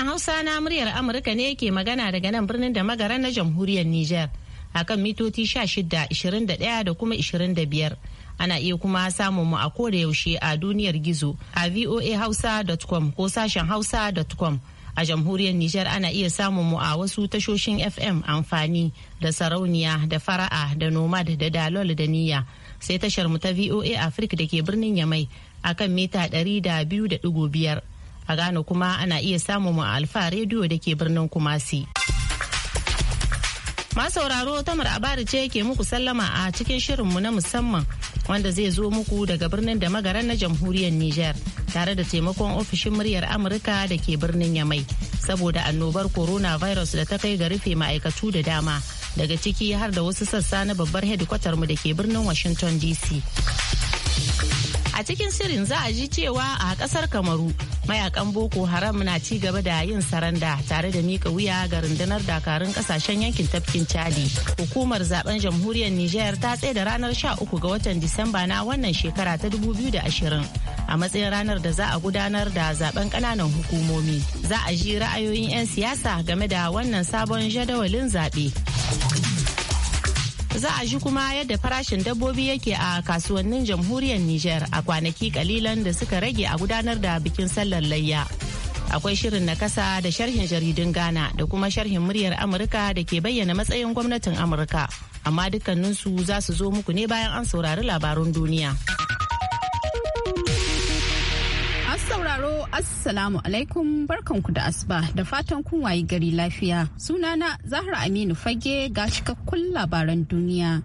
Sashen Hausa na muryar Amurka ne ke magana daga nan birnin da magara na jamhuriyar Nijar kan mitoti 16, 21 da kuma biyar Ana iya kuma samun mu a koda yaushe a duniyar gizo a voahausa.com ko sashen hausa.com. A jamhuriyar Nijar ana iya samun mu a wasu tashoshin FM amfani da sarauniya da fara'a da nomad da dalol da niyya. sai tashar mu ta VOA Africa da ke birnin Yamai kan mita ɗari biyar. A Ghana kuma ana iya samun mu a Alfa Radio da ke birnin Kumasi. sauraro Tamar Abari ce ke muku sallama a cikin shirin mu na musamman wanda zai zo muku daga birnin da magaran na jamhuriyar Nijar tare da taimakon ofishin muryar Amurka da ke birnin Yamai saboda annobar coronavirus da ta kai ga rufe ma'aikatu da dama daga ciki har da wasu sassa na babbar hedikwatar mu da ke birnin Washington DC. A cikin shirin za a ji cewa a kasar Kamaru mayakan Boko Haram na ci gaba da yin saranda tare da mika wuya ga rundunar dakarun kasashen yankin tafkin Chadi. Hukumar zaben jamhuriyar Nijar ta tsaye da ranar 13 ga watan Disamba na wannan shekara ta 2020 a matsayin ranar da za a gudanar da zaben kananan hukumomi. Za a ji ra'ayoyin 'yan siyasa game da wannan sabon jadawalin zaɓe. za a ji kuma yadda farashin dabbobi yake a kasuwannin jamhuriyar Nijar a kwanaki kalilan da suka rage a gudanar da bikin sallar layya. Akwai shirin na kasa da sharhin jaridun Ghana da kuma sharhin muryar Amurka da ke bayyana matsayin gwamnatin Amurka. Amma dukkaninsu za su zo muku ne bayan an saurari labarun duniya. sauraro Assalamu alaikum barkanku da asuba da fatan kun wayi gari lafiya. Sunana Zahra Aminu Fage ga cikakkun labaran duniya.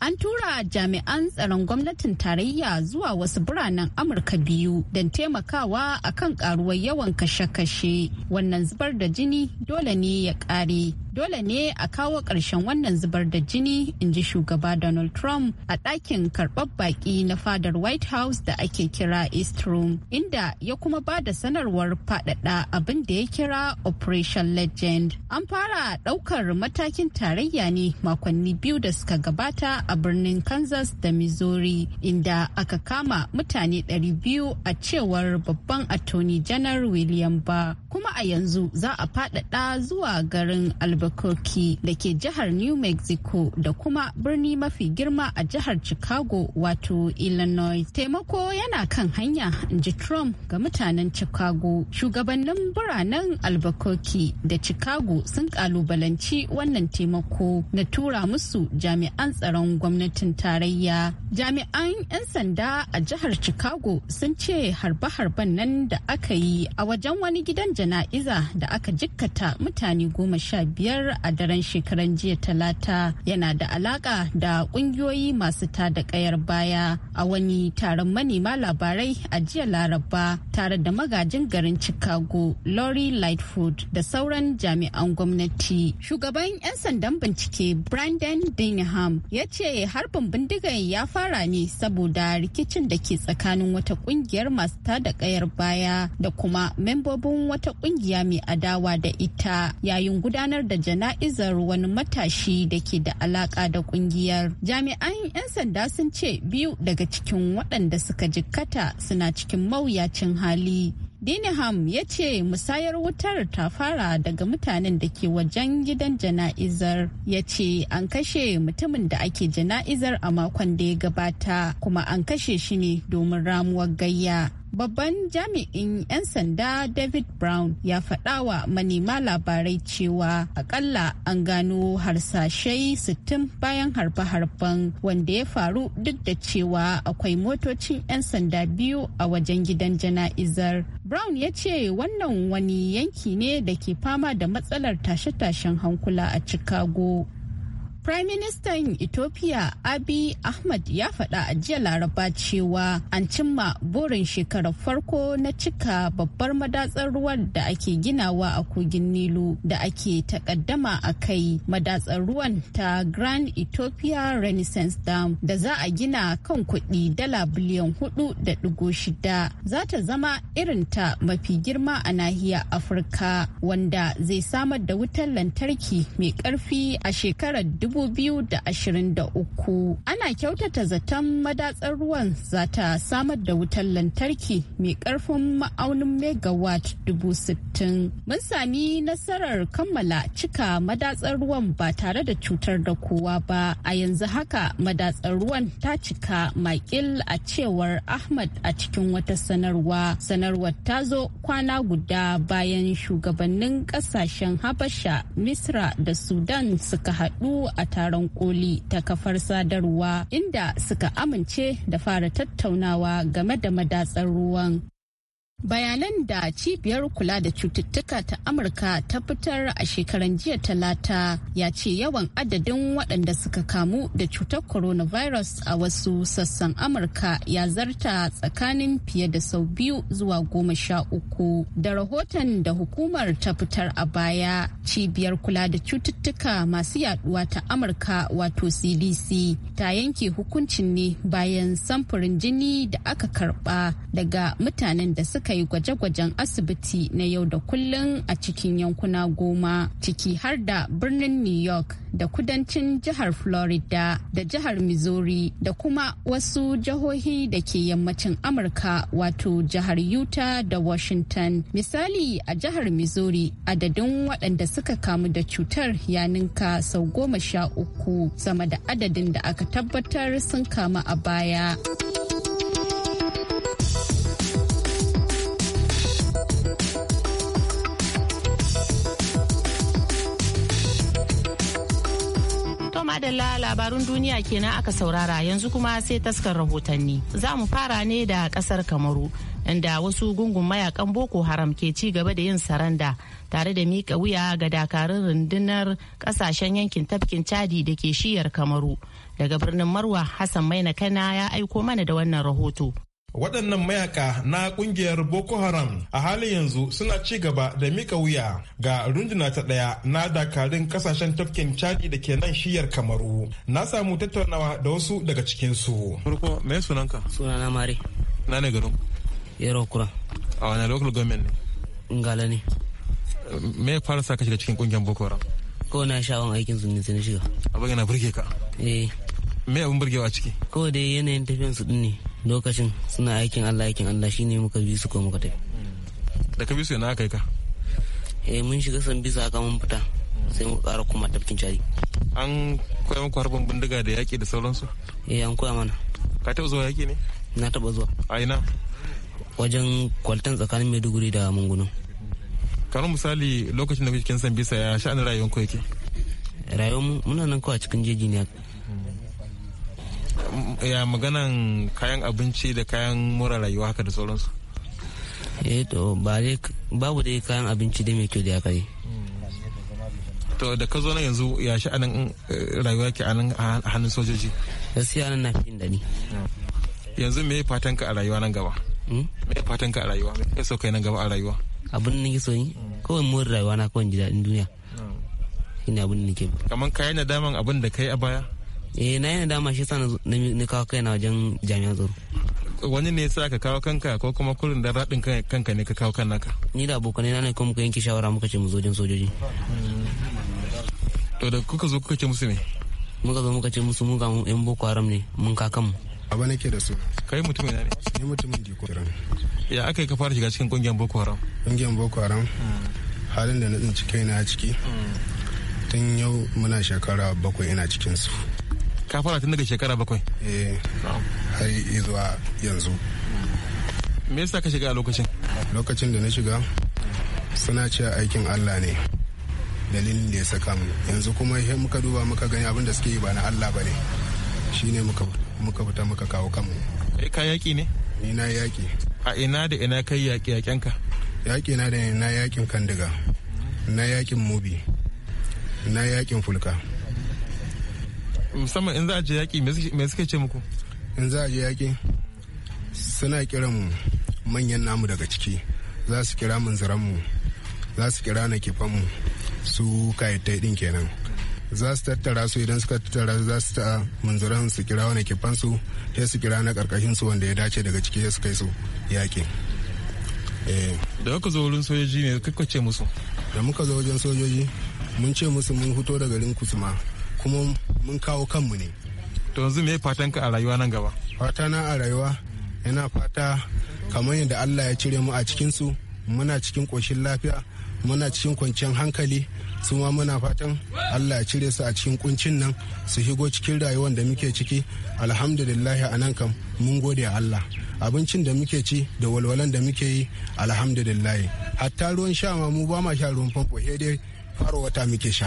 an tura jami'an tsaron gwamnatin tarayya zuwa wasu biranen amurka biyu don taimakawa a kan karuwar yawan kashe-kashe wannan zubar da jini dole ne ya kare dole ne a kawo ƙarshen wannan zubar da jini in ji shugaba donald trump a ɗakin karɓar baƙi na fadar white house da ake kira east room inda ya kuma ba da sanarwar faɗaɗa abin da ya kira operation legend an fara ɗaukar matakin tarayya ne makonni biyu da suka gabata a birnin kansas da missouri inda aka kama mutane 200 a cewar babban attorney janar william ba kuma a yanzu za a faɗaɗa zuwa garin albuquerque da ke jihar new mexico da kuma birni mafi girma a jihar chicago wato illinois taimako yana kan hanya ji trump ga mutanen chicago shugabannin biranen albuquerque da chicago sun kalubalanci wannan taimako na tura musu jami'an tsaron gwamnatin tarayya jami'an 'yan sanda a jihar chicago sun ce harbe-harben nan da aka yi a wajen wani gidan jana'iza da aka jikkata mutane goma sha biyar a daren shekaran jiya talata yana da alaka da kungiyoyi masu tada kayar baya a wani taron manema labarai a jiya laraba tare da magajin garin chicago lori lightfoot da sauran jami'an gwamnati shugaban 'yan sandan bincike brandon bingham ya ce ce harbin bindigan ya fara ne saboda rikicin da ke tsakanin wata kungiyar masu tada kayar baya da kuma membobin wata kungiya mai adawa da ita yayin gudanar da jana'izar wani matashi da ke da alaka da kungiyar. Jami'an 'yan sanda sun ce biyu daga cikin waɗanda suka jikkata suna cikin mawuyacin hali Diniham ya ce musayar wutar ta fara daga mutanen da ke wajen gidan jana'izar ya ce an kashe mutumin da ake jana'izar a makon da ya gabata kuma an kashe shi ne domin ramuwar gayya. babban jami'in 'yan sanda david brown ya faɗa wa manema labarai cewa akalla an gano harsashai sittin bayan harbe-harben wanda ya faru duk da cewa akwai motocin 'yan sanda biyu a wajen gidan jana'izar brown ya ce wannan wani yanki ne da ke fama da matsalar tashe-tashen hankula a chicago Prime Minister Ethiopia abi Ahmad ya faɗa a jiya Laraba cewa an cimma burin shekarar farko na cika babbar madatsar ruwan da ake ginawa a kogin Nilu da ake takaddama a kai madatsar ruwan ta Grand Ethiopia Renaissance Dam da za a gina kan kuɗi dala biliyan hudu da ɗigo shida za ta zama irinta mafi girma a nahiyar Afirka wanda zai samar da wutar lantarki mai ƙarfi a shekarar dubu 2023 ana kyautata zaton madatsar ruwan za ta samar da wutar lantarki mai karfin ma'aunin megawatt 60,000 mun sami nasarar kammala cika madatsar ruwan ba tare da cutar da kowa ba a yanzu haka madatsar ruwan ta cika makil a cewar ahmad a cikin wata sanarwa sanarwar ta zo kwana guda bayan shugabannin kasashen habasha misra da sudan suka haɗu a taron koli ta kafar sadarwa inda suka amince da fara tattaunawa game da madatsar ruwan Bayanan da cibiyar kula da cututtuka ta Amurka ta fitar a shekaran jiya talata ya ce yawan adadin waɗanda suka kamu da cutar coronavirus a wasu sassan Amurka ya zarta tsakanin fiye da sau biyu zuwa goma sha uku. Da rahoton da hukumar ta fitar a baya, cibiyar kula da cututtuka masu yaduwa ta Amurka wato CDC ta yanke hukuncin ne bayan samfurin jini da aka karba daga mutanen da suka aka yi gwaje-gwajen asibiti na yau da kullun a cikin yankuna goma ciki har da birnin new york da kudancin jihar florida da jihar missouri da kuma wasu jihohi da ke yammacin amurka wato jihar utah da washington misali a jihar missouri adadin waɗanda suka kamu da cutar ya ninka sau goma sha uku sama da adadin da aka tabbatar sun kama a baya. adalla labarun duniya kenan aka saurara yanzu kuma sai taskar rahotanni za mu fara ne da kasar kamaru inda wasu gungun mayakan boko haram ke ci gaba da yin saranda tare da mika wuya ga dakarun rundunar kasashen yankin tafkin chadi da ke shiyar kamaru daga birnin marwa hassan maina kana ya aiko mana da wannan rahoto Waɗannan mayaka na ƙungiyar Boko Haram a halin yanzu suna ci gaba da mika wuya ga runduna ta ɗaya na dakarun kasashen tafkin Chadi da ke nan shiyar Kamaru. Na samu tattaunawa da wasu daga cikinsu. Farko, me sunanka? Sunana Mare. Na ne garin? Yero Kura. A wani local government ne? Ngala ne. Me fara sa ka shiga cikin ƙungiyar Boko Haram? Ko na sha'awan aikin su ne sai na shiga. Abin yana burge ka? Eh. Me abin burgewa ciki? Ko dai yanayin tafiyan su ɗin ne. lokacin suna aikin Allah aikin Allah shine muka bi su ko muka tafi da ka bi su yana kai ka eh mun shiga san bisa aka mun fita sai mu ƙara kuma tafkin cari an koya muku harbin bindiga da yaƙi da sauransu eh an koya mana ka taɓa zuwa yaƙi ne na taɓa zuwa a ina wajen kwaltan tsakanin maiduguri da mungunu kamar misali lokacin da kuke cikin san bisa ya sha'anin rayuwar ku yake rayuwar mu muna nan kawai cikin jeji ne ya maganan kayan abinci da kayan mura rayuwa haka da sauransu eh to babu dai kayan abinci da mai kyau da ya kai to da ka zo na yanzu ya shi anan eh, rayuwa ke anan a hannun sojoji gaskiya nan na fi dani yanzu me fatan ka a rayuwa nan gaba hmm? me fatan ka a rayuwa me so kai nan gaba a rayuwa abin da nake so yi kawai mun rayuwa na kawai ji daɗin duniya hmm. ina abin da nake kaman kayan nadaman abin da kai a baya eh na yana dama shi sa na kawo kai na wajen jami'an tsaro wani ne sa ka kawo kanka ko kuma kullum da raɗin kanka ne ka kawo kan naka ni da abokanai na ne kuma muka yanke shawara muka ce mu zo jin sojoji to da kuka zo kuka ce musu ne muka zo muka ce musu mun ga mu yan boko haram ne mun kakan mu aba nake da su kai mutumin ne ni mutumin diko ya aka yi ka fara shiga cikin kungiyar boko haram kungiyar boko haram hmm. halin da na tsinci kai a ciki hmm. tun yau muna shekara bakwai ina cikin su ka fara tun daga shekara bakwai eh har zuwa yanzu me yasa ka shiga a lokacin lokacin da na shiga suna cewa aikin allah ne dalilin da ya saka mu yanzu kuma he muka duba muka gani abin da suke yi ba na allah ba ne Shi ne muka fita muka kawo kanmu kai eh, ka yaki ne ni na yaki a ina da ina kai yaki yaken ka yaki na da na yakin kandiga na yakin mubi na yakin fulka musamman in za a je yaƙi me suke ce muku in za a je yaƙi suna kiran manyan namu daga ciki za su kira mu za su kira na mu su kayattai din kenan za su tattara su idan suka tattara za su ta munzuran su kira wani su sai su kira na karkashin su wanda ya dace daga ciki ya su kai su yaƙi eh. da kuka zo wurin sojoji ne kuka ce musu da muka zo wajen sojoji mun ce musu mun fito daga garin kusuma kuma mun kawo kanmu ne to yanzu me fatan ka a rayuwa nan gaba fata na a rayuwa yana fata kamar yadda Allah ya cire mu a cikin su muna cikin koshin lafiya muna cikin kwanciyar hankali su ma muna fatan allah ya cire su a cikin kuncin nan su higo cikin rayuwar da muke ciki alhamdulillah a nan kam mun gode allah abincin da muke ci da walwalan da muke yi alhamdulillah hatta ruwan sha ma mu ba ma sha ruwan famfo dai fara wata muke sha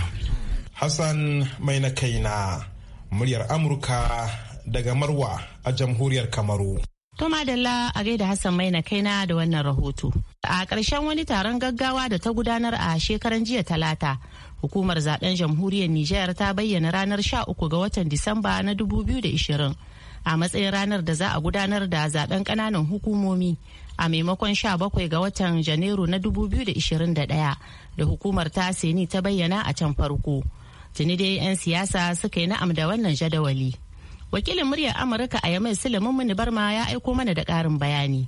Hassan mai na kaina muryar Amurka daga Marwa a jamhuriyar Kamaru. To Madalla a gaida Hassan mai na kaina da wannan rahoto. A ƙarshen wani taron gaggawa da ta gudanar a shekaran jiya talata, hukumar zaɓen jamhuriyar Nijar ta bayyana ranar 13 ga watan Disamba na 2020 a matsayin ranar da za a gudanar da zaɓen ƙananan hukumomi a maimakon 17 ga watan Janairu na 2021 da hukumar ta Seni ta bayyana a can farko. tuni dai 'yan siyasa suka yi na'am da wannan jadawali wakilin muryar amurka a yamai silimin mun barma ya aiko mana da ƙarin bayani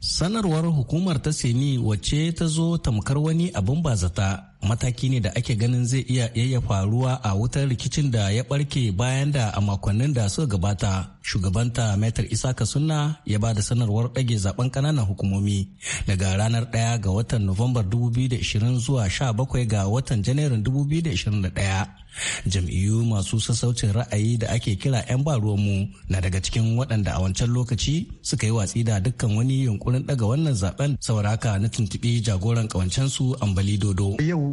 sanarwar hukumar ta seni wacce ta zo tamkar wani abin bazata mataki ne da ake ganin zai iya yayya faruwa a wutar rikicin da ya barke bayan da a makonnin da suka gabata shugabanta metar isaka sunna ya ba da sanarwar ɗage zaben ƙananan hukumomi daga ranar 1 ga watan nuwambar 2020 zuwa 17 ga watan janairun 2021 jam'iyyu masu sassaucin ra'ayi da ake kira 'yan ba mu na daga cikin waɗanda a wancan lokaci suka yi watsi da dukkan wani yunkurin ɗaga wannan zaben sauraka na tuntuɓi jagoran ƙawancensu ambali dodo yau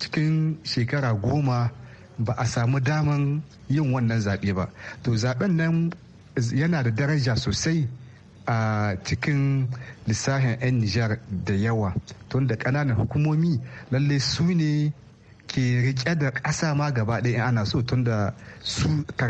cikin shekara goma ba a samu daman yin wannan zaɓe ba to zaɓen nan yana da daraja sosai a cikin lissafin 'yan nijar da yawa tun da ƙananan hukumomi lallai su ne ke rike da ƙasa ma gaba ɗaya ana so tun da su ga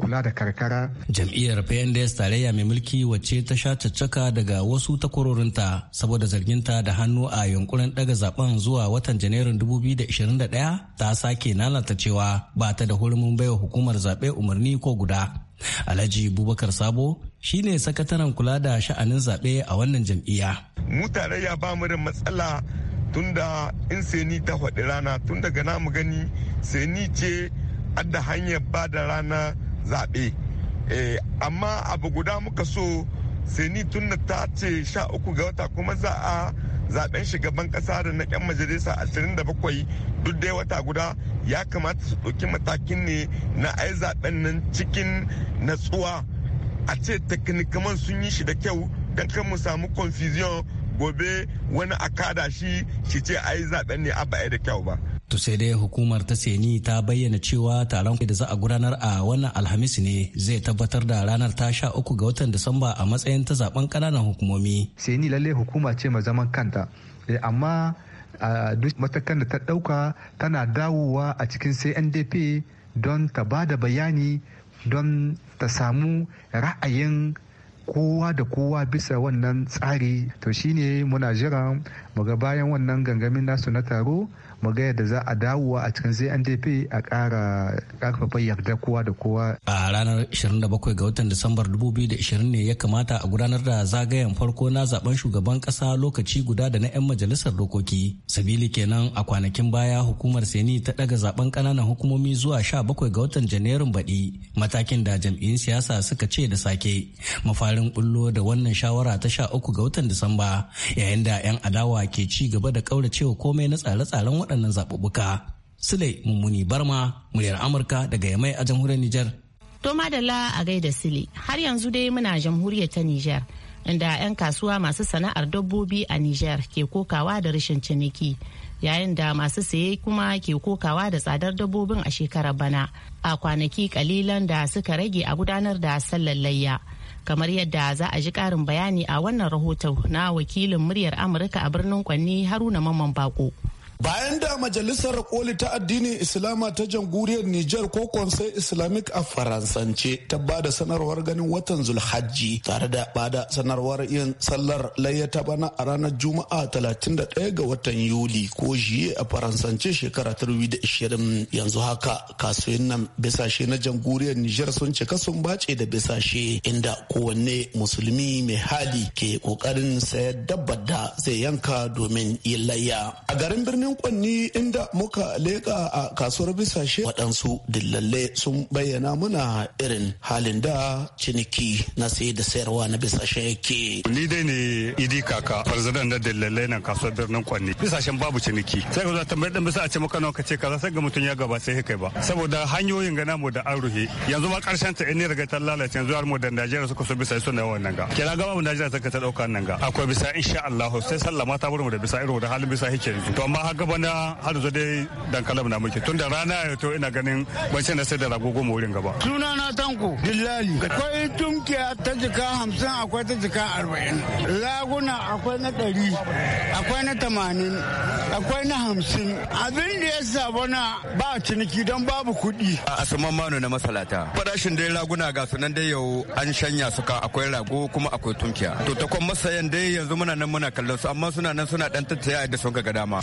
kula da karkara. Jam'iyyar PNDS tarayya mai mulki wacce ta sha caccaka daga wasu takwarorinta saboda zarginta da hannu a yunkurin ɗaga zaben zuwa watan Janairun 2021 ta sake nanata cewa ba ta da hurumin baiwa hukumar zaɓe umarni ko guda. Alhaji Bubakar Sabo shine sakataren kula da sha'anin zaɓe a wannan jam'iyya. Mu tarayya ba mu da matsala tunda in seni ta faɗi rana tun daga mu gani seni ce adda hanyar ba da rana zaɓe eh, amma abu guda muka so seni tun da ta ce sha uku ga wata kuma za a zaben shugaban ƙasa da na 'yan majalisa 27 duk dai wata guda ya kamata su ɗauki matakin ne na ai zaben nan cikin natsuwa a ce takinikaman sun yi shi da kyau don kan mu samu confusion gobe wani a kada shi shi ce ai zaben ne a ba da kyau ba To sai dai hukumar ta seni ta bayyana cewa taron da za a gudanar a wannan alhamis ne zai tabbatar da ranar ta sha uku ga watan Disamba a matsayin ta zaben kananan hukumomi. Seni lalle hukuma ce mai zaman kanta, eh, amma duk matakan da ta ɗauka tana dawowa a cikin CNDP don ta ba da bayani don ta samu ra'ayin kowa da kowa bisa wannan tsari to shine muna jiran ga bayan wannan gangamin nasu na taro mu ga yadda za a dawowa a cikin zndp a ƙara ƙarfafa yarda kowa da kowa. A ranar 27 ga watan Disambar 2020 ne ya kamata a gudanar da zagayen farko na zaben shugaban ƙasa lokaci guda da na 'yan majalisar dokoki. Sabili kenan a kwanakin baya hukumar Seni ta ɗaga zaben ƙananan hukumomi zuwa 17 ga watan Janairun baɗi matakin da jam'iyyun siyasa suka ce da sake mafarin bullo da wannan shawara ta 13 ga watan Disamba yayin da 'yan adawa ke ci gaba da ƙauracewa komai na tsare-tsaren waɗannan zaɓuɓɓuka. Sule Mummuni Barma, muryar Amurka daga Yamai a jamhuriyar Nijar. To madalla a gaida Sule, har yanzu dai muna jamhuriyar ta Nijar. Inda 'yan kasuwa masu sana'ar dabbobi a Nijar ke kokawa da rashin ciniki. yayin da masu saye kuma ke kokawa da tsadar dabbobin a shekarar bana a kwanaki kalilan da suka rage a gudanar da sallar layya kamar yadda za a ji karin bayani a wannan rahoto na wakilin muryar amurka a birnin kwanni haruna mamman bako bayan da majalisar koli ta addinin islama ta jamhuriyar niger ko conseil islamic a faransance ta ba da sanarwar ganin watan zulhajji tare da bada sanarwar yin sallar layyata ta bana a ranar juma'a 31 ga watan yuli ko jiye a faransance shekara 2020 yanzu haka nan bisashe na jamhuriyar niger sun cika sun bace da bisashe inda kowanne musulmi mai hali ke kokarin sayar dabbar da zai yanka domin yin layya a garin birnin birnin kwanni inda muka leka a kasuwar bisashe waɗansu dillalle sun bayyana muna irin halin da ciniki na saye da sayarwa na bisashe yake ni dai ne idi kaka farzadan da dillalle na kasuwar birnin kwanni bisashen babu ciniki sai ka zo tambayar dan bisa a ce maka nawa ka kaza sai ga mutum ya gaba sai kai ba saboda hanyoyin gana mu da an ruhe yanzu ma karshen ta ne riga ta lalace yanzu har mu da Najeriya suka so bisa suna yawan nan ga kira ga mu Najeriya suka ta dauka nan ga akwai bisa insha Allah sai sallama ta burmu da bisa irin da halin bisa yake yanzu to amma gaba na har yanzu dai dankalin na muke tunda rana ya to ina ganin ban sai na sai da rago goma wurin gaba suna na tanko dillali akwai tunkiya ta jika hamsin akwai ta jika arba'in laguna akwai na ɗari akwai na tamanin akwai na hamsin abin da ya sabo na ba ciniki don babu kuɗi a asuman manu na masalata farashin dai laguna ga sunan dai yau an shanya suka akwai rago kuma akwai tunkiya to takwan masayan dai yanzu muna nan muna kallon su amma suna nan suna dan tattaya da sun ga dama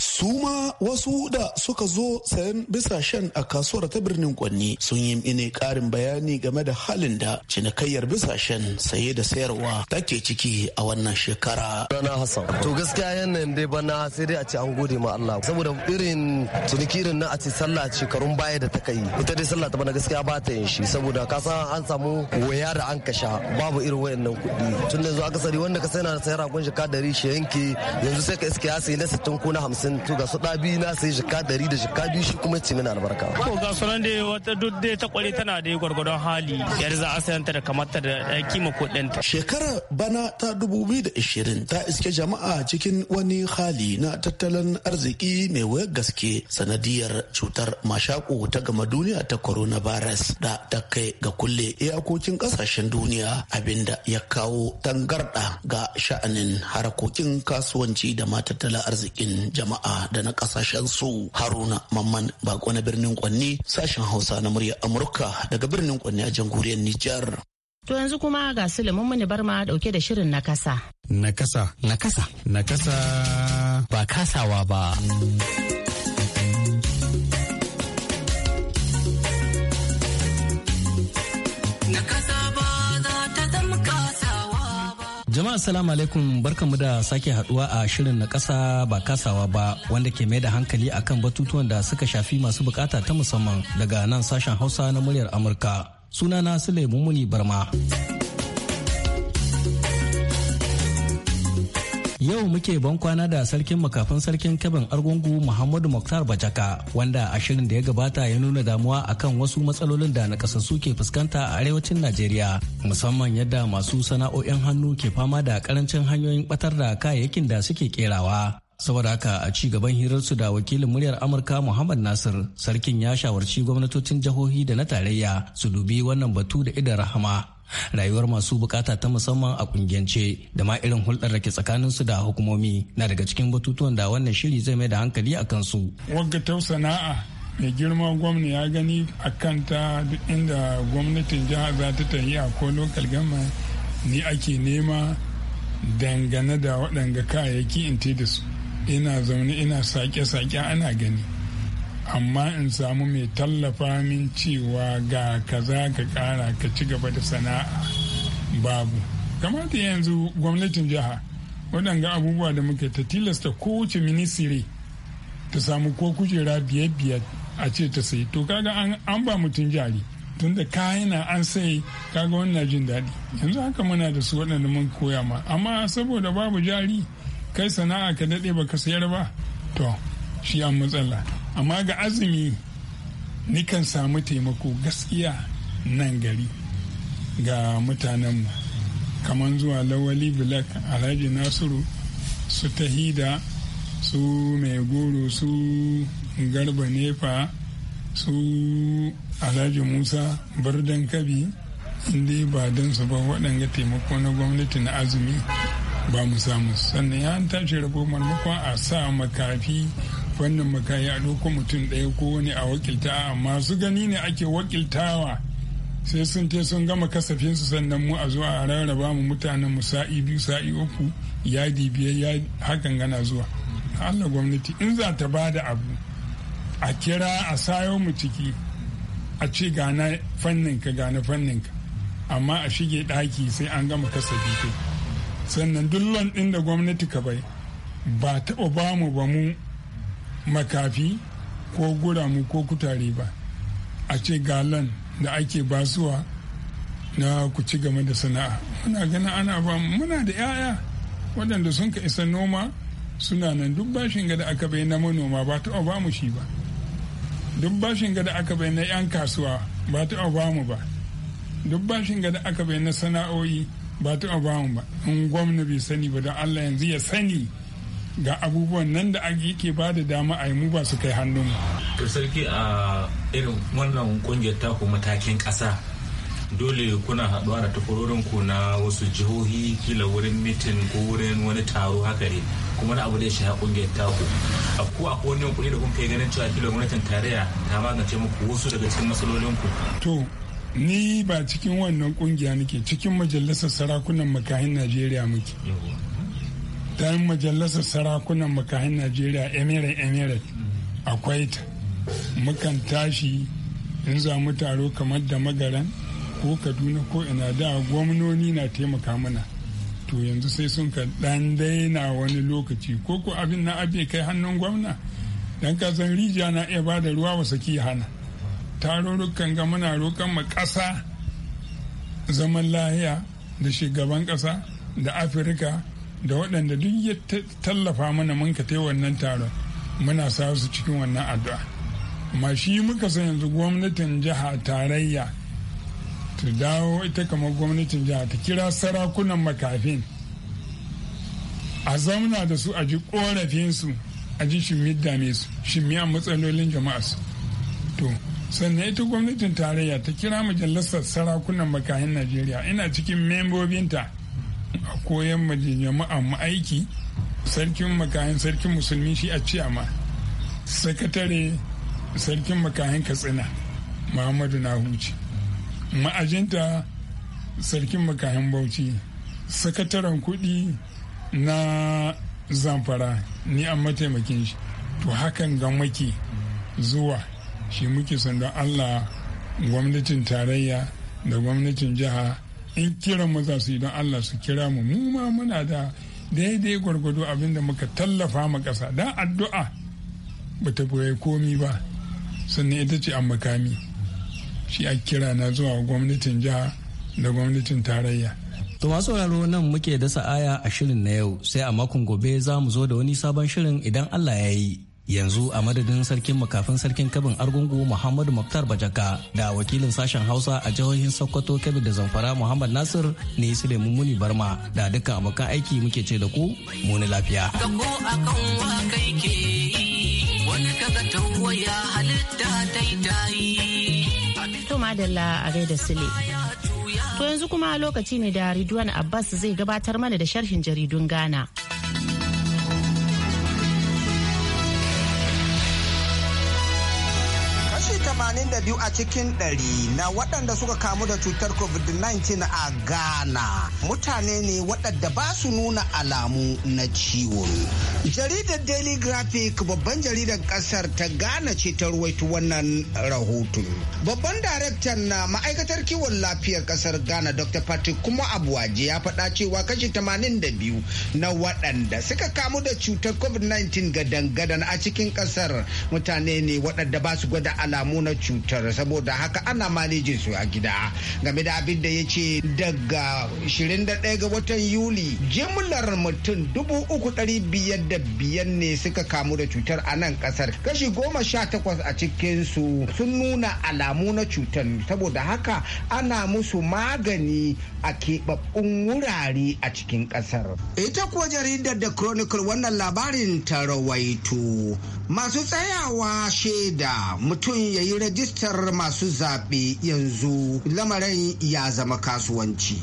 kuma wasu da suka zo sayan bisa shan a kasuwar ta birnin Kwanni sun yi mini karin bayani game da halin da cinikayyar bisa shan saye da sayarwa take ciki a wannan shekara. Rana Hassan. To gaskiya yanayin dai bana sai dai a ce an gode ma Allah saboda irin cinikirin irin na a ce sallah shekarun baya da ta kai ita dai sallah ta bana gaskiya ba ta yin shi saboda ka san an samu waya da an kasha babu irin wayannan kuɗi tun da yanzu akasari wanda ka sai na sayar a kunshi ka dari shi yanke yanzu sai ka iske ya sayi na sittin ko na hamsin to ga su ɗabi na sai shika ɗari da shika biyu shi kuma ci albarka. To ga sunan da wata duk dai ta kware tana da gwargwadon hali yar za a sayanta da kamata da kima kuɗinta. Shekarar bana ta dubu biyu da ishirin ta iske jama'a cikin wani hali na tattalin arziki mai wayar gaske sanadiyar cutar mashaƙo ta gama duniya ta coronavirus da ta kai ga kulle iyakokin ƙasashen duniya abinda ya kawo tangarɗa ga sha'anin harkokin kasuwanci da matattalin arzikin jama'a da na kasashen su haruna mamman bako na birnin kwanni sashen hausa na murya amurka daga birnin kwanni a jamhuriyar nijar To yanzu kuma ga Suleiman Muni Barma dauke da shirin na kasa. Na kasa. Na kasa. Na kasa. Ba kasawa ba. Jama'a salamu alaikum barkanmu da sake haduwa a shirin na kasa ba kasawa ba wanda ke mai da hankali akan batutuwan da suka shafi masu bukata ta musamman daga nan sashen Hausa na muryar Amurka. Sunana Sule Mumuni Barma. Yau muke ban kwana da sarkin makafin sarkin kabin argungu Muhammadu mukhtar Bajaka wanda a shirin da ya gabata ya nuna damuwa akan wasu matsalolin da nakasassu ke fuskanta a arewacin Najeriya musamman yadda masu sana'o'in hannu ke fama da karancin hanyoyin batar da kayayyakin da suke kerawa. saboda haka a ci gaban hirarsu da wakilin muryar amurka muhammad nasir sarkin ya shawarci gwamnatocin jihohi da na tarayya su dubi wannan batu da idan rahama rayuwar masu bukata ta musamman a kungiyance da ma irin hulɗar da ke tsakanin su da hukumomi na daga cikin batutuwan da wannan shiri zai mai da hankali a kansu. Wagga sana'a mai girma gwamna ya gani a kanta duk inda gwamnatin jihar za ta tafi a ko lokal gama ni ake nema dangane da waɗanga kayayyaki in da su ina zaune ina sake-sake ana gani. amma in samu mai tallafa min cewa ga kaza ka kara ka ci gaba da sana'a babu kamata yanzu gwamnatin jiha waɗanga abubuwa da muke ta tilasta kowace minisiri ta samu ko kujera biyar biyar a ce ta sai to kaga an ba mutum jari tun da kayan an sai kaga wannan jin daɗi yanzu haka muna da su waɗanda mun koya ma amma saboda babu jari kai sana'a ka daɗe ka sayar ba to shi an matsala amma ga azumi nikan samu taimako gaskiya nan gari ga mutanenmu kamar zuwa lawali black alhaji nasiru su tahida su mai goro su garba nefa su alhaji musa birnin kabi inda ba don su ba waɗanga taimako na gwamnati na azumi ba mu samu sannan ya tashi rabo marmakon a sa makafi fannin makayi a ɗauko mutum ɗaya ko wani a wakilta masu gani ne ake wakiltawa sai sun te sun gama kasafinsu sannan mu a zuwa a rarraba mu mutanen mu sa'i biyu sa'i uku yadi biyar hakan gana zuwa Allah gwamnati in za ta ba da abu a kira a sayo mu ciki a ce gana fanninka gana fanninka amma a shige ɗaki sai an gama kasafi sannan duk ɗin da gwamnati ka bai ba taɓa ba mu ba mu makafi ko guramu ko kutare ba a ce galan da ake basuwa na ku ci game da sana'a muna ganin ana ba muna da 'ya'ya waɗanda sun ka isa noma suna nan duk bashin da aka bai na manoma ba ta ba mu shi ba duk bashin da aka bai na 'yan kasuwa ba ta ba mu ba duk bashin da aka bai na sana'o'i ba ta ba mu ba in gwamna bai sani ba don allah yanzu ya sani ga abubuwan nan da ke ba da dama a yi mu ba su kai hannun da sarki a irin wannan kungiyar taku matakin kasa dole kuna haɗuwa da tafarorin ku na wasu jihohi kila wurin mitin ko wurin wani taro haka ne kuma na abu da ya shaha kungiyar taku a ko a wani kuɗi da kun kai ganin cewa kila gwamnatin tarayya ta magance muku wasu daga cikin matsalolin ku to ni ba cikin wannan kungiya nake cikin majalisar sarakunan makahin najeriya muke dan majalisar sarakunan makahin najeriya emirate emirate akwai ta mukan tashi in za mu taro kamar da magaran ko kaduna ko ina da gwamnoni na taimaka mana to yanzu sai sun ka dan daina wani lokaci ko ko abin na abe kai hannun gwamna dan kasan rijiya na iya bada ruwa wa saki hana tarurrukan ga muna roƙon mu ƙasa zaman lahiya da shugaban ƙasa da afirka da waɗanda duk ya tallafa mana mun ka tai wannan taron muna sa su cikin wannan addu'a amma shi muka san yanzu gwamnatin jiha tarayya ta dawo ita kamar gwamnatin jiha ta kira sarakunan makafin a zauna da su a ji su a ji shimidda dame su shimmi matsalolin jama'a su to sannan ita gwamnatin tarayya ta kira majalisar sarakunan makafin najeriya ina cikin membobinta a koyan ma jama'a aiki sarkin makayan sarkin musulmi shi a ciyama sakatare sarkin makayan katsina muhammadu na huce ma'ajinta sarkin makayan bauchi sakataren kuɗi na zamfara ni an mataimakin shi to hakan ga maki zuwa shi muke sandan don allah gwamnatin tarayya da gwamnatin jiha in kiran maza su don Allah su kira mu mu ma muna da daidai gwargwado abin da muka tallafa ma ƙasa don addu'a ba ta boye komi ba sannan ita ce an makami shi a kira na zuwa gwamnatin jiha da gwamnatin tarayya To masu sauraro nan muke dasa aya a shirin na yau sai a makon gobe za mu zo da wani sabon shirin idan Allah ya yi. yanzu a madadin sarkin makafin sarkin kabin argungu muhammadu muktar bajaka da wakilin sashen hausa a jihohin sokoto kebbi da zamfara muhammad nasir ne da mummuni barma da duka abokan aiki muke ce da ku muni lafiya To yanzu kuma lokaci ne da Ridwan Abbas zai gabatar mana da sharhin jaridun Ghana. 82 a cikin 100 na waɗanda suka kamu da cutar covid-19 a ghana mutane ne waɗanda ba su nuna alamu na ciwon jaridar daily graphic babban jaridar ƙasar ta ghana ce ta ruwaito wannan rahoton babban daraktan na ma'aikatar kiwon lafiyar ƙasar ghana dr patrick kuma abuwaje ya faɗa cewa kashi 82 na waɗanda suka kamu da cutar covid-19 gadan-gadan a cikin ƙasar mutane ne waɗanda ba su gwada alamu na ciwon cutar saboda haka ana manejin su a gida game da abin da ya ce daga 21 ga watan yuli jimlar mutum biyar ne suka kamu da cutar a nan kasar kashi goma sha takwas a cikinsu sun nuna alamu na cutar saboda haka ana musu magani a keɓaɓɓun wurare a cikin kasar ita kuwa jaridar da chronicle wannan labarin ta rawaito masu tsayawa shaida mutum ya yi rijistar masu zaɓe yanzu lamarin ya zama kasuwanci.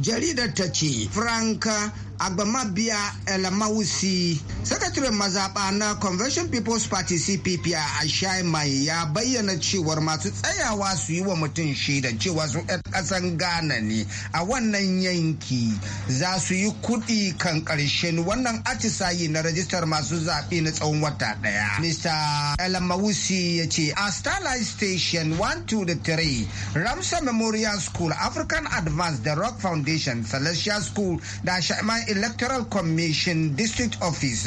Jaridar ta ce franka. Bia elamawusi sakataren mazaɓa na convention people's party cpp a ashai mai ya bayyana cewar masu tsayawa su yi wa mutum shaida cewa su 'yan ƙasan ghana ne a wannan yanki za su yi kuɗi kan ƙarshen wannan atisayi na rajistar masu zaɓe na tsawon wata ɗaya mr elamawusi ya ce a starlight station 123 2 ramsa memorial school african advanced da rock foundation celestial school da shaiman electoral commission district office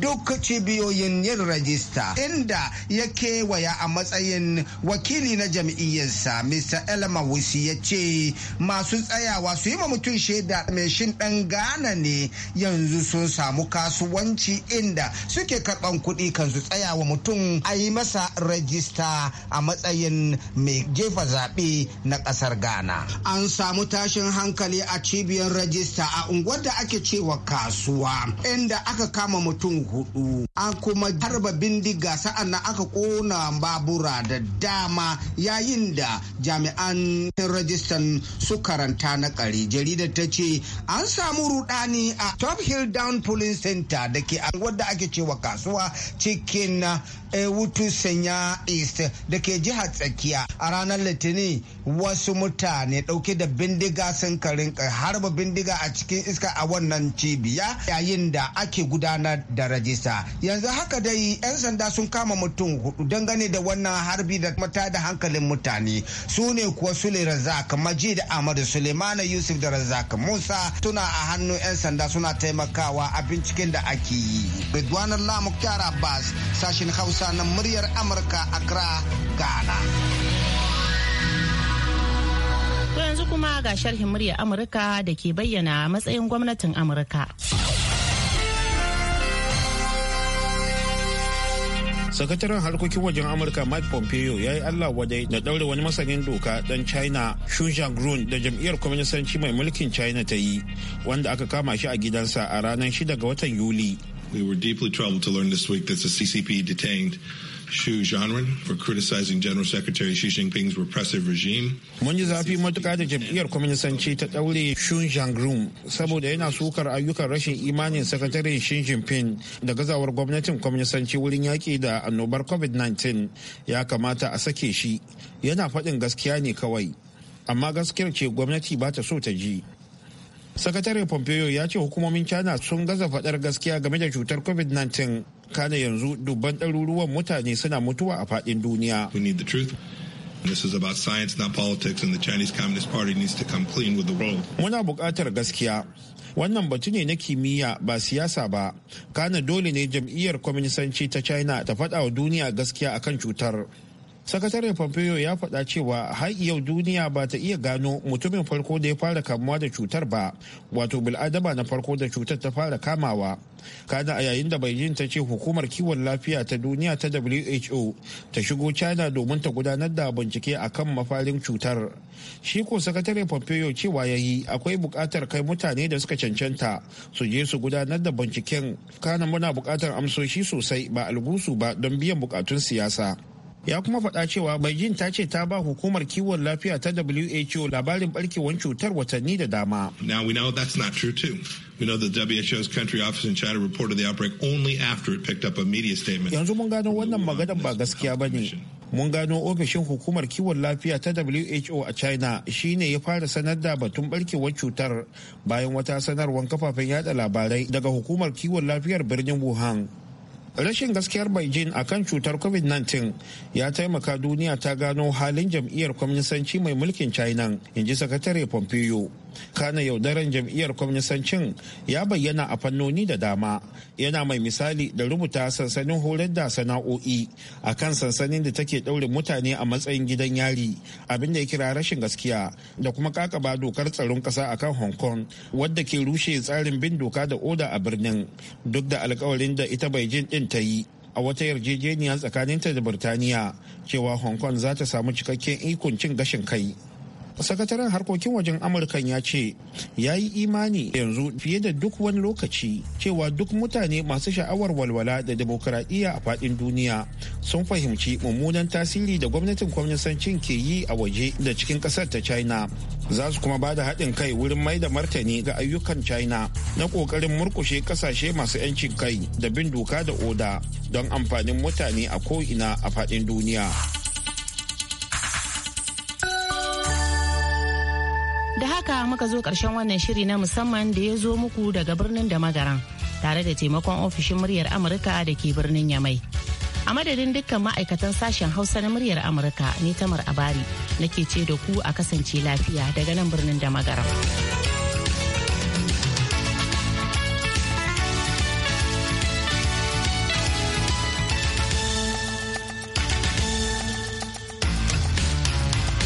duk cibiyoyin yin rajista inda ya kewaya a matsayin wakili na jam'iyyarsa mr elma wisi ya ce masu tsayawa su yi ma mutum shaida mai shin dan ghana ne yanzu sun samu kasuwanci inda suke karban kuɗi kan su tsayawa mutum a yi masa rajista a matsayin mai jefa zaɓe na ƙasar ghana an samu tashin hankali a cibiyar rajista a unguwar da ake cewa kasuwa inda aka kama mutum hudu an kuma harba bindiga sa'an nan aka kona babura da dama yayin da jami'an rajistan su karanta na kare jaridar ta ce an samu rudani a top hill down polling center da ke wadda ake cewa kasuwa cikin wutu sanya east da ke jihar tsakiya a ranar litinin wasu mutane dauke da bindiga sun karin harba bindiga a cikin iska a wannan cibiya yayin da ake gudanar da rajista yanzu haka dai 'yan sanda sun kama mutum hudu dangane da wannan harbi da mata da hankalin mutane su ne kuwa sule razak majid ahmadu sulemana yusuf da razak musa tuna a hannu 'yan sanda suna taimakawa a binciken da ake yi ridwan hausa mutanen muryar Amurka Accra, Ghana. To yanzu kuma ga sharhin muryar Amurka da ke bayyana matsayin gwamnatin Amurka. sakataren harkokin wajen amurka mike pompeo ya yi allah wadai da daure wani masanin doka dan china xu jiangrun da jam'iyyar kwaminisanci mai mulkin china ta yi wanda aka kama shi a gidansa a ranar 6 ga watan yuli We were deeply troubled to learn this week that the CCP detained Xu Zhanren for criticizing General Secretary Xi Jinping's repressive regime. Mun ji zafi matuƙa da jam'iyyar kwaminisanci ta ɗaure Xu Zhangrun saboda yana sukar ayyukan rashin imanin sakatare Xi Jinping da gazawar gwamnatin kwaminisanci wurin yaƙi da annobar COVID-19 ya kamata a sake shi. Yana faɗin gaskiya ne kawai. Amma gaskiyar ce gwamnati ba ta so ta ji. sakatare pompeo ya ce hukumomin china sun gaza fadar gaskiya game da cutar covid-19 kana yanzu dubban ɗaruruwan mutane suna mutuwa a faɗin duniya Muna buƙatar gaskiya. Wannan batu ne na kimiyya ba siyasa ba. Kana dole ne jam'iyyar kwaminisanci ta China ta faɗa wa duniya gaskiya akan cutar. sakataren pompeo ya faɗa cewa har yau duniya ba ta iya gano mutumin farko da ya fara kamuwa da cutar ba wato bil'adama na farko da cutar ta fara kamawa kana a yayin da beijing ta ce hukumar kiwon lafiya ta duniya ta who ta shigo china domin ta gudanar da bincike a kan mafarin cutar shi ko sakataren pompeo cewa ya yi akwai buƙatar kai mutane da suka cancanta su je su gudanar da binciken kana muna buƙatar amsoshi sosai ba algusu ba don biyan buƙatun siyasa ya kuma faɗa cewa beijing ta ce ta ba hukumar kiwon lafiya ta who labarin barkewar cutar watanni da dama now we know that's not true too We know the WHO's country office in China reported the outbreak only after it picked up a media statement. Yanzu mun gano wannan maganar ba gaskiya ba ne. Mun gano ofishin hukumar kiwon lafiya ta WHO a China shine ya fara sanar da batun barkewar cutar bayan wata sanarwar kafafen yada labarai daga hukumar kiwon lafiyar birnin Wuhan. rashin gaskiyar beijing a kan cutar covid-19 ya taimaka duniya ta gano halin jam'iyyar kwamnisanci mai mulkin china in ji sakatare pompeo kana yaudaran jam'iyyar kwamnisancin ya bayyana a fannoni da dama yana mai misali da rubuta sansanin horar da sana'o'i a kan sansanin da take ɗaurin mutane a matsayin gidan yari abin da ya kira rashin gaskiya da kuma kakaba dokar tsaron ƙasa a kan hong kong wadda ke rushe tsarin bin doka da oda a birnin duk da alkawarin da ita beijing ɗin ta yi a wata yarjejeniya tsakaninta da birtaniya cewa hong kong za ta samu cikakken ikon cin gashin kai sakataren harkokin wajen amurkan ya ce ya yi imani yanzu fiye da duk wani lokaci cewa duk mutane masu sha'awar walwala da demokuraɗiyya a faɗin duniya sun fahimci mummunan tasiri da gwamnatin kwamnisancin ke yi a waje da cikin ƙasar ta china za su kuma ba da haɗin kai wurin mai da martani ga ayyukan china na ƙoƙarin murƙushe ƙasashe masu 'yancin kai da bin doka da oda don amfanin mutane a ko'ina a faɗin duniya. Da haka muka zo karshen wannan shiri na musamman da ya zo muku daga birnin da magaran tare da taimakon ofishin muryar Amurka da ke birnin Yamai. A madadin dukkan ma'aikatan sashen Hausa na muryar Amurka ne tamar abari nake ce da ku a kasance lafiya daga nan birnin da magaran.